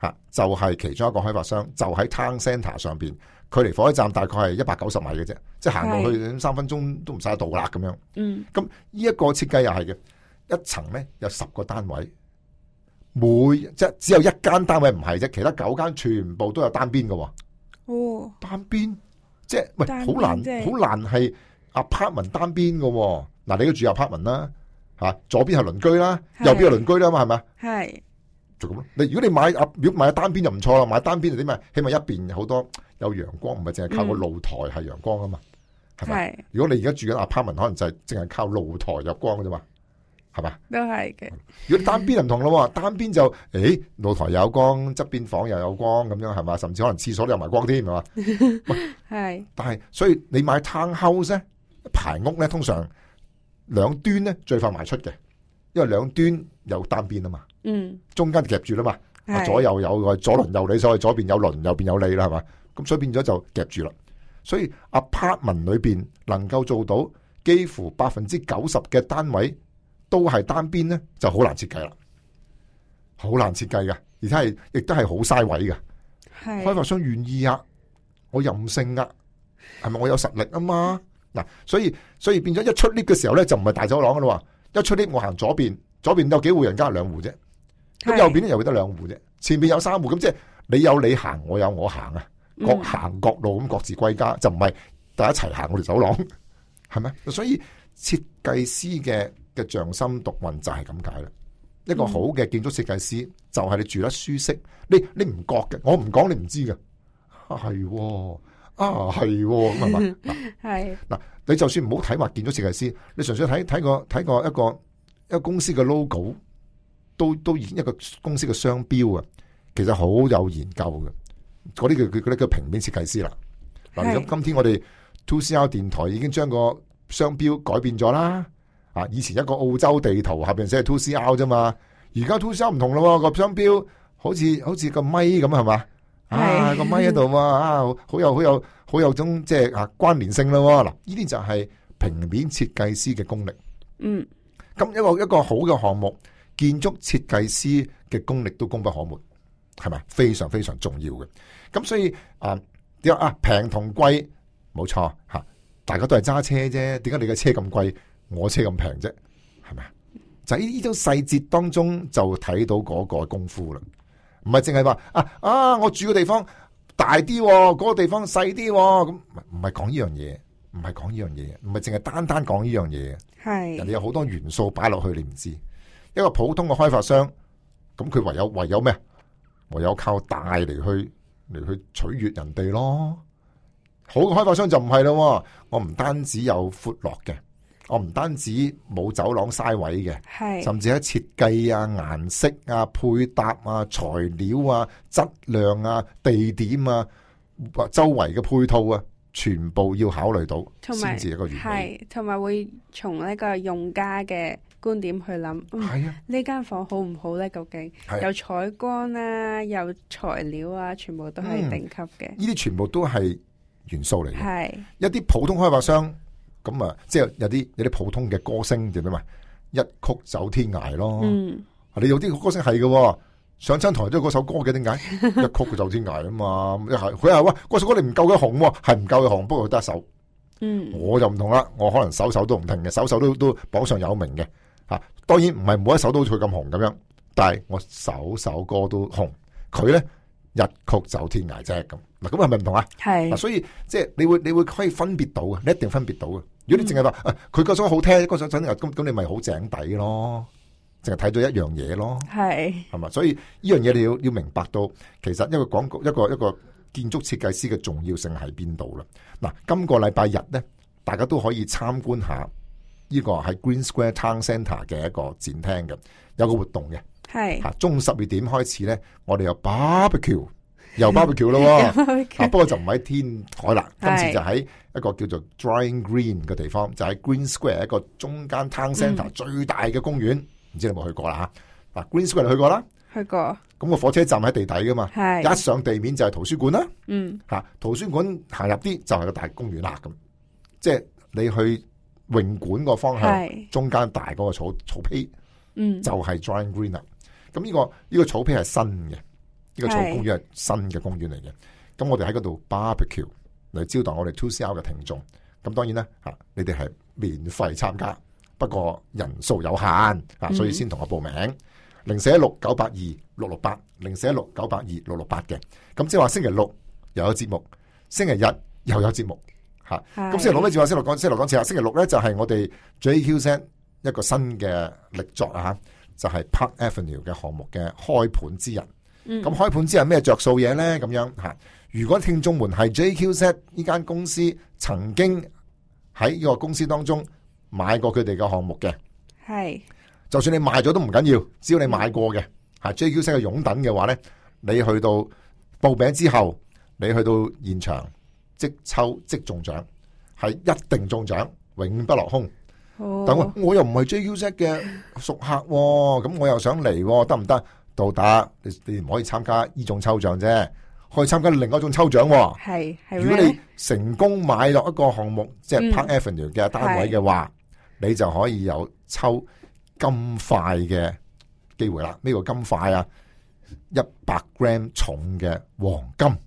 吓，就係、是、其中一個開發商，就喺 Town Center 上邊，距離火車站大概係一百九十米嘅啫，即係行過去三分鐘都唔使到啦咁樣。嗯，咁呢一個設計又係嘅，一層咧有十個單位，每即係只有一間單位唔係啫，其他九間全部都有單邊嘅。哦，單邊，即係喂，好難好、就是、難係阿 part 文單邊嘅。嗱，你都住阿 part 文啦，吓，左邊係鄰居啦，右邊係鄰居啦嘛，係咪？係。就咁咯。你如果你買阿，如果買單邊就唔錯啦。買單邊就點呀，起碼一邊好多有陽光，唔係淨係靠個露台係陽光噶嘛，係、嗯、咪？如果你而家住緊 apartment 可能就係淨係靠露台入光噶啫嘛，係嘛？都係嘅。如果你單邊唔同咯， 單邊就誒、哎、露台又有光，側邊房又有光咁樣，係嘛？甚至可能廁所都有埋光添啊。係。 但係所以你買 townhouse 咧，排屋咧，通常兩端咧最快賣出嘅。因為兩端有單邊啊嘛，嗯、中間夾住啦嘛，左右有，左輪右你所以左邊有輪，右邊有你啦，係嘛？咁所以變咗就夾住啦。所以 apartment 裏邊能夠做到幾乎百分之九十嘅單位都係單邊咧，就好難設計啦，好難設計噶，而且係亦都係好嘥位噶。開發商願意啊，我任性啊，係咪？我有實力啊嘛。嗱、嗯啊，所以所以變咗一出 lift 嘅時候咧，就唔係大走廊噶啦。一出啲，我行左邊，左邊有幾戶人家兩戶啫，咁右邊咧又會得兩戶啫，前邊有三戶，咁即係你有你行，我有我行啊，各行各路咁各自歸家，就唔係大家一齊行我哋走廊，係咩？所以設計師嘅嘅匠心獨運就係咁解啦。一個好嘅建築設計師就係你住得舒適，你你唔覺嘅，我唔講你唔知嘅，係。啊，係咁係咪？係 嗱，啊、 你就算唔好睇或建築設計師，你純粹睇睇個睇個一個一個公司嘅 logo，都都已經一個公司嘅商標啊，其實好有研究嘅。嗰啲叫佢啲叫平面設計師啦。嗱、啊，咁、啊、今天我哋 2CR 電台已經將個商標改變咗啦。啊，以前一個澳洲地圖下邊寫係 2CR 啫嘛，而家 2CR 唔同咯，個商標好似好似個咪咁啊，係嘛？係個咪喺度啊，那！好有好有好有種即係啊關聯性咯。嗱，呢啲就係平面設計師嘅功力。嗯，咁一個一個好嘅項目，建築設計師嘅功力都功不可沒，係咪？非常非常重要嘅。咁所以啊，點解啊平同貴？冇錯吓，大家都係揸車啫。點解你嘅車咁貴，我車咁平啫？係咪？就喺呢種細節當中就睇到嗰個功夫啦。唔係淨係話啊啊，我住嘅地方大啲，嗰個地方細啲，咁唔係講呢樣嘢，唔係講呢樣嘢，唔係淨係單單講呢樣嘢。係人哋有好多元素擺落去，你唔知。一個普通嘅開發商，咁佢唯有唯有咩？唯有靠大嚟去嚟去取悦人哋咯。好嘅開發商就唔係咯，我唔單止有闊落嘅。我唔單止冇走廊嘥位嘅，甚至喺設計啊、顏色啊、配搭啊、材料啊、質量啊、地點啊、周圍嘅配套啊，全部要考慮到，先至一個完美。係，同埋會從呢個用家嘅觀點去諗、係啊，嗯，嗯這個、間好好呢間房好唔好咧？究竟有採光啊，有材料啊，全部都係頂級嘅。呢、嗯、啲全部都係元素嚟嘅，係一啲普通開發商。咁啊，即係有啲有啲普通嘅歌星點樣嘛？一曲走天涯咯，嗯，你有啲歌星係嘅，上親台都係嗰首歌，嘅，點解？一曲嘅走天涯啊嘛，一係佢係喂，嗰首歌你唔夠佢紅，啊，係唔夠佢紅，不過佢得一首，嗯，我就唔同啦，我可能首首都唔停嘅，首首都都榜上有名嘅，吓，啊，當然唔係每一首都好似佢咁紅咁樣，但係我首首歌都紅，佢咧。一曲走天涯啫咁，嗱咁係咪唔同啊？係，所以即係、就是、你會你會可以分別到嘅，你一定分別到嘅。如果你淨係話，誒、嗯，佢嗰首好聽，嗰首真係咁咁，你咪好井底咯，淨係睇咗一樣嘢咯，係係嘛？所以呢樣嘢你要要明白到，其實一個廣告，一個一個，一個建築設計師嘅重要性喺邊度啦？嗱、啊，今個禮拜日咧，大家都可以參觀下呢個喺 Green Square Town Centre 嘅一個展廳嘅，有個活動嘅。係吓中午十二點開始咧，我哋有 barbecue，又 barbecue 咯， 不過就唔喺天海啦，今次就喺一個叫做 Drying Green 嘅地方，就喺 Green Square 一個中間 town centre 最大嘅公園，唔、嗯、知你有冇去過啦、啊、吓？嗱，Green Square 你去過啦、啊？去過。咁、那個火車站喺地底噶嘛，一上地面就係圖書館啦。嗯。吓，圖書館行入啲就係個大公園啦，咁即係你去泳館個方向中間大嗰個草草皮，嗯，就係 Drying Green 啦。咁呢、這個呢、這個草皮係新嘅，呢、這個草公園係新嘅公園嚟嘅。咁我哋喺嗰度 barbecue 嚟招待我哋 2CR 嘅聽眾。咁當然啦，吓你哋係免費參加，不過人數有限啊，所以先同我報名零四一六九八二六六八零四一六九八二六六八嘅。咁即係話星期六又有節目，星期日又有節目。吓，咁星期六咧就話星期六講星期六講，星期六咧就係我哋 JQZ 一個新嘅力作啊！就係、是、Park Avenue 嘅項目嘅開盤之人，咁、嗯、開盤之人咩着數嘢咧？咁樣嚇，如果聽眾們係 JQZ 呢間公司曾經喺呢個公司當中買過佢哋嘅項目嘅，係就算你賣咗都唔緊要，只要你買過嘅嚇 JQZ 嘅擁躉嘅話咧，你去到報名之後，你去到現場即抽即中獎，係一定中獎，永不落空。等係我,我又唔係 JQZ 嘅熟客，咁我又想嚟得唔得？到達你你唔可以參加呢種抽獎啫，可以參加另外一種抽獎。係係。如果你成功買落一個項目，即係 Park，嗯，Avenue 嘅單位嘅話，你就可以有抽金塊嘅機會啦。呢個金塊啊，一百 gram 重嘅黃金，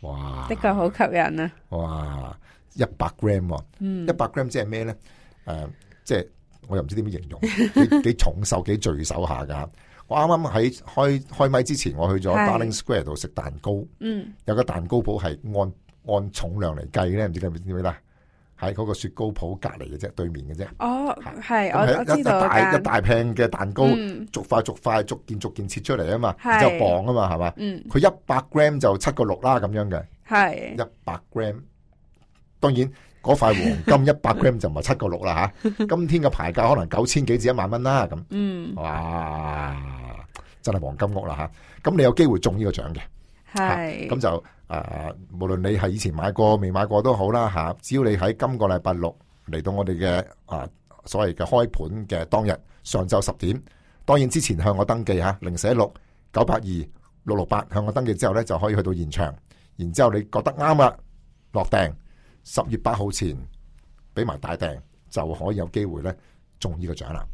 哇！的確好吸引啊！哇，一百 gram 嗯，一百 gram 即係咩咧？誒、呃，即係我又唔知點樣形容，幾幾重手幾聚手下噶 我啱啱喺開開麥之前，我去咗 Darling Square 度食蛋糕。嗯，有個蛋糕鋪係按按重量嚟計咧，唔知記唔記得啦？喺嗰個雪糕鋪隔籬嘅啫，對面嘅啫。哦，係一,一,一大一大片嘅蛋糕，嗯、逐塊逐塊逐件逐件，逐件切出嚟啊嘛，嗯、就磅啊嘛，係嘛？佢一百 gram 就七個六啦，咁樣嘅。係一百 gram，當然。嗰 塊黃金一百 gram 就唔係七個六啦吓。 今天嘅牌價可能九千幾至一萬蚊啦咁，嗯，哇，真係黃金屋啦吓！咁你有機會中呢個獎嘅，咁、啊、就誒、啊，無論你係以前買過未買過都好啦吓、啊，只要你喺今個禮拜六嚟到我哋嘅啊所謂嘅開盤嘅當日上晝十點，當然之前向我登記吓。零四一六九八二六六八向我登記之後呢，就可以去到現場，然之後你覺得啱啦落訂，十月八號前俾埋大訂就可以有機會咧中呢個獎啦。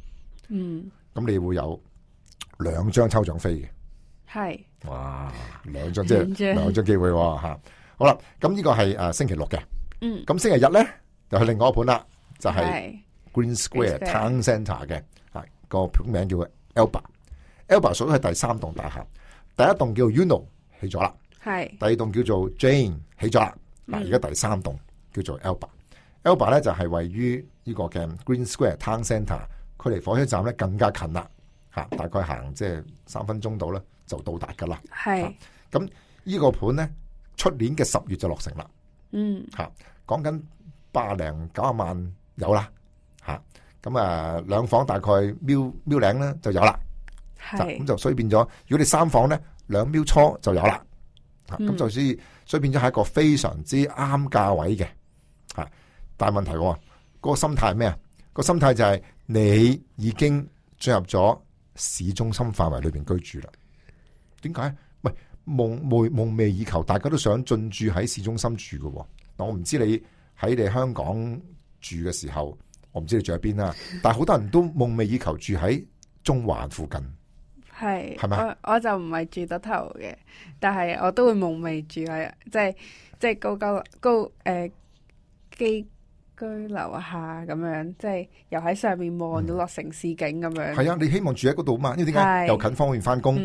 嗯，咁你會有兩張抽獎飛嘅。係、嗯，哇，兩張、嗯、即係兩張機會吓、啊。好啦，咁呢個係誒星期六嘅。嗯，咁星期日咧又係另外一盤啦，就係、是、Green Square Town Centre 嘅啊個、嗯、名叫 Alba、嗯、Alba 屬於係第三棟大廈、嗯，第一棟叫 Uno 起咗啦，係、嗯，第二棟叫做 Jane 起咗啦，嗱而家第三棟。叫做 ALBA，ALBA 咧就係位於呢個嘅 Green Square Town Centre，距離火車站咧更加近啦，吓大概行即係三分鐘到咧就到達噶啦。係咁呢個盤咧，出年嘅十月就落成啦。嗯，吓講緊八零九啊萬有啦，吓咁啊兩房大概 mill mill 領咧就有啦，係咁就所以變咗，如果你三房咧兩 mill 初就有啦，吓咁就所以所以變咗係一個非常之啱價位嘅。啊！大問題喎、哦，個心態咩啊？個心態就係你已經進入咗市中心範圍裏邊居住啦。點解？喂，夢夢夢寐以求，大家都想進駐喺市中心住嘅、哦。我唔知你喺你香港住嘅時候，我唔知你住喺邊啦。但係好多人都夢寐以求住喺中環附近，係係咪？我就唔係住得頭嘅，但係我都會夢寐住喺即係即係高高高誒。欸寄居樓下咁樣，即係又喺上面望到落城市景咁樣。係、嗯、啊，你希望住喺嗰度啊嘛？因為點解又近方便翻工，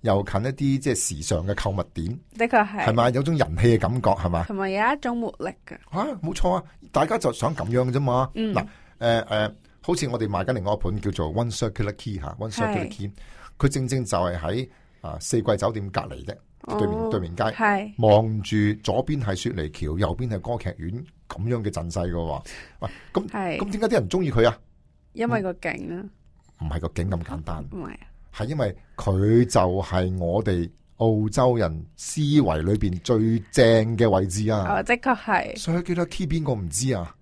又、嗯、近一啲即係時尚嘅購物點。的確係，係嘛，有一種人氣嘅感覺係嘛，同埋有一種活力嘅。吓、啊，冇錯啊！大家就想咁樣啫嘛。嗱、嗯、誒誒、呃呃，好似我哋賣緊另外一盤叫做 One Circular Quay 吓，One Circular Quay，佢正正就係喺啊四季酒店隔籬啫，哦、對面對面街，望住左邊係雪梨橋，右邊係歌劇院。咁樣嘅陣勢嘅話，喂、哎，咁咁點解啲人中意佢啊？因為個景啊？唔、嗯、係個景咁簡單，唔係，係因為佢就係我哋澳洲人思維裏邊最正嘅位置啊。哦，的確係，所以幾多 K 邊個唔知啊，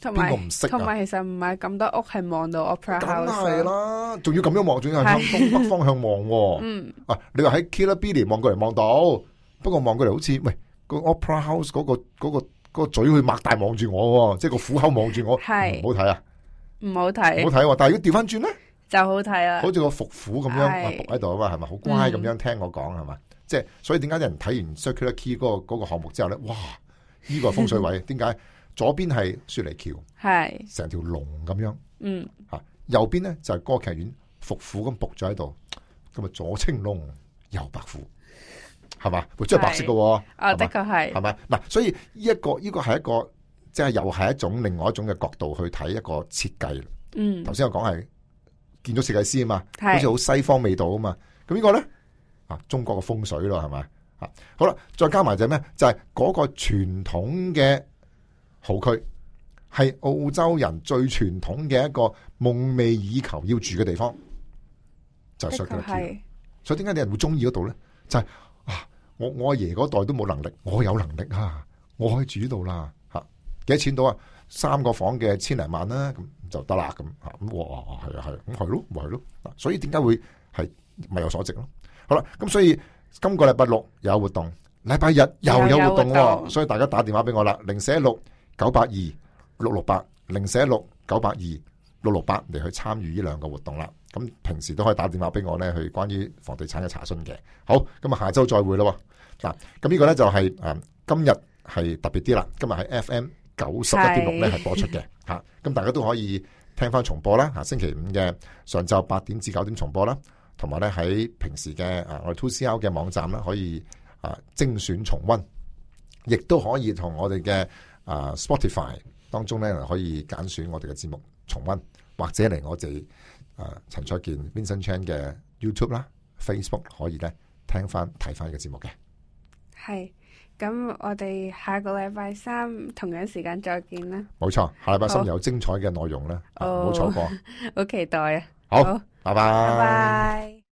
同邊個唔識同埋，啊、其實唔係咁多屋係望到 Opera House，梗係啦，仲要咁樣望，仲要向東北方向望、啊。 嗯，啊，你話喺 Kirribilli 望過嚟，望到，不過望過嚟好似喂個 Opera House 嗰、嗰個。那個那個嘴佢擘大望住我，即係個虎口望住我，唔好睇啊，唔好睇，好睇、啊。但係如果調翻轉咧，就好睇啊。好似個伏虎咁樣喺度啊嘛，係咪好乖咁樣聽我講係嘛？即係所以點解人睇完 Shakerkey 嗰、那個嗰、那個項目之後咧，哇！呢、這個風水位點解 左邊係雪梨橋，係成條龍咁樣，嗯吓、啊，右邊咧就係歌劇院伏虎咁伏咗喺度，咁啊左青龍右白虎。係嘛，或係白色嘅，啊、哦、的確係，係咪嗱？所以呢、這、一個呢、這個係一個，即係又係一種另外一種嘅角度去睇一個設計。嗯，頭先我講係建築設計師啊嘛，好似好西方味道啊嘛。咁呢個咧啊，中國嘅風水咯，係咪啊？好啦，再加埋就係咩？就係、是、嗰個傳統嘅好區，係澳洲人最傳統嘅一個夢寐以求要住嘅地方，就係雪梨、是、所以點解啲人會中意嗰度咧？就係、是。我我阿爺嗰代都冇能力，我有能力啊！我可以住呢度啦，吓幾多錢到啊？三個房嘅千零萬啦、啊，咁就得啦咁吓咁哇，係啊係，咁係咯，咪係咯，所以點解會係物、就是、有所值咯？好啦，咁所以今個禮拜六有活動，禮拜日又有,又有活動，所以大家打電話俾我啦，零四一六九八二六六八，零四一六九八二六六八嚟去參與呢兩個活動啦。咁平時都可以打電話俾我咧，去關於房地產嘅查詢嘅。好，咁啊，下週再會咯。嗱，咁呢個呢，就係、是、誒、呃、今日係特別啲啦。今日喺 FM 九十一點六咧係播出嘅嚇。咁、啊、大家都可以聽翻重播啦。嚇，星期五嘅上晝八點至九點重播啦。同埋呢，喺平時嘅啊、呃、我哋 2CR 嘅網站咧可以啊、呃、精選重溫，亦都可以同我哋嘅啊 Spotify 當中呢，可以揀選我哋嘅節目重溫，或者嚟我哋。誒、呃，陳焯楗 Vincent Chan 嘅 YouTube 啦、Facebook 啦可以咧聽翻、睇翻呢個節目嘅。係，咁我哋下個禮拜三同樣時間再見啦。冇錯，下禮拜三有精彩嘅內容啦。唔好錯過，好 期待啊！好，拜，拜拜。Bye bye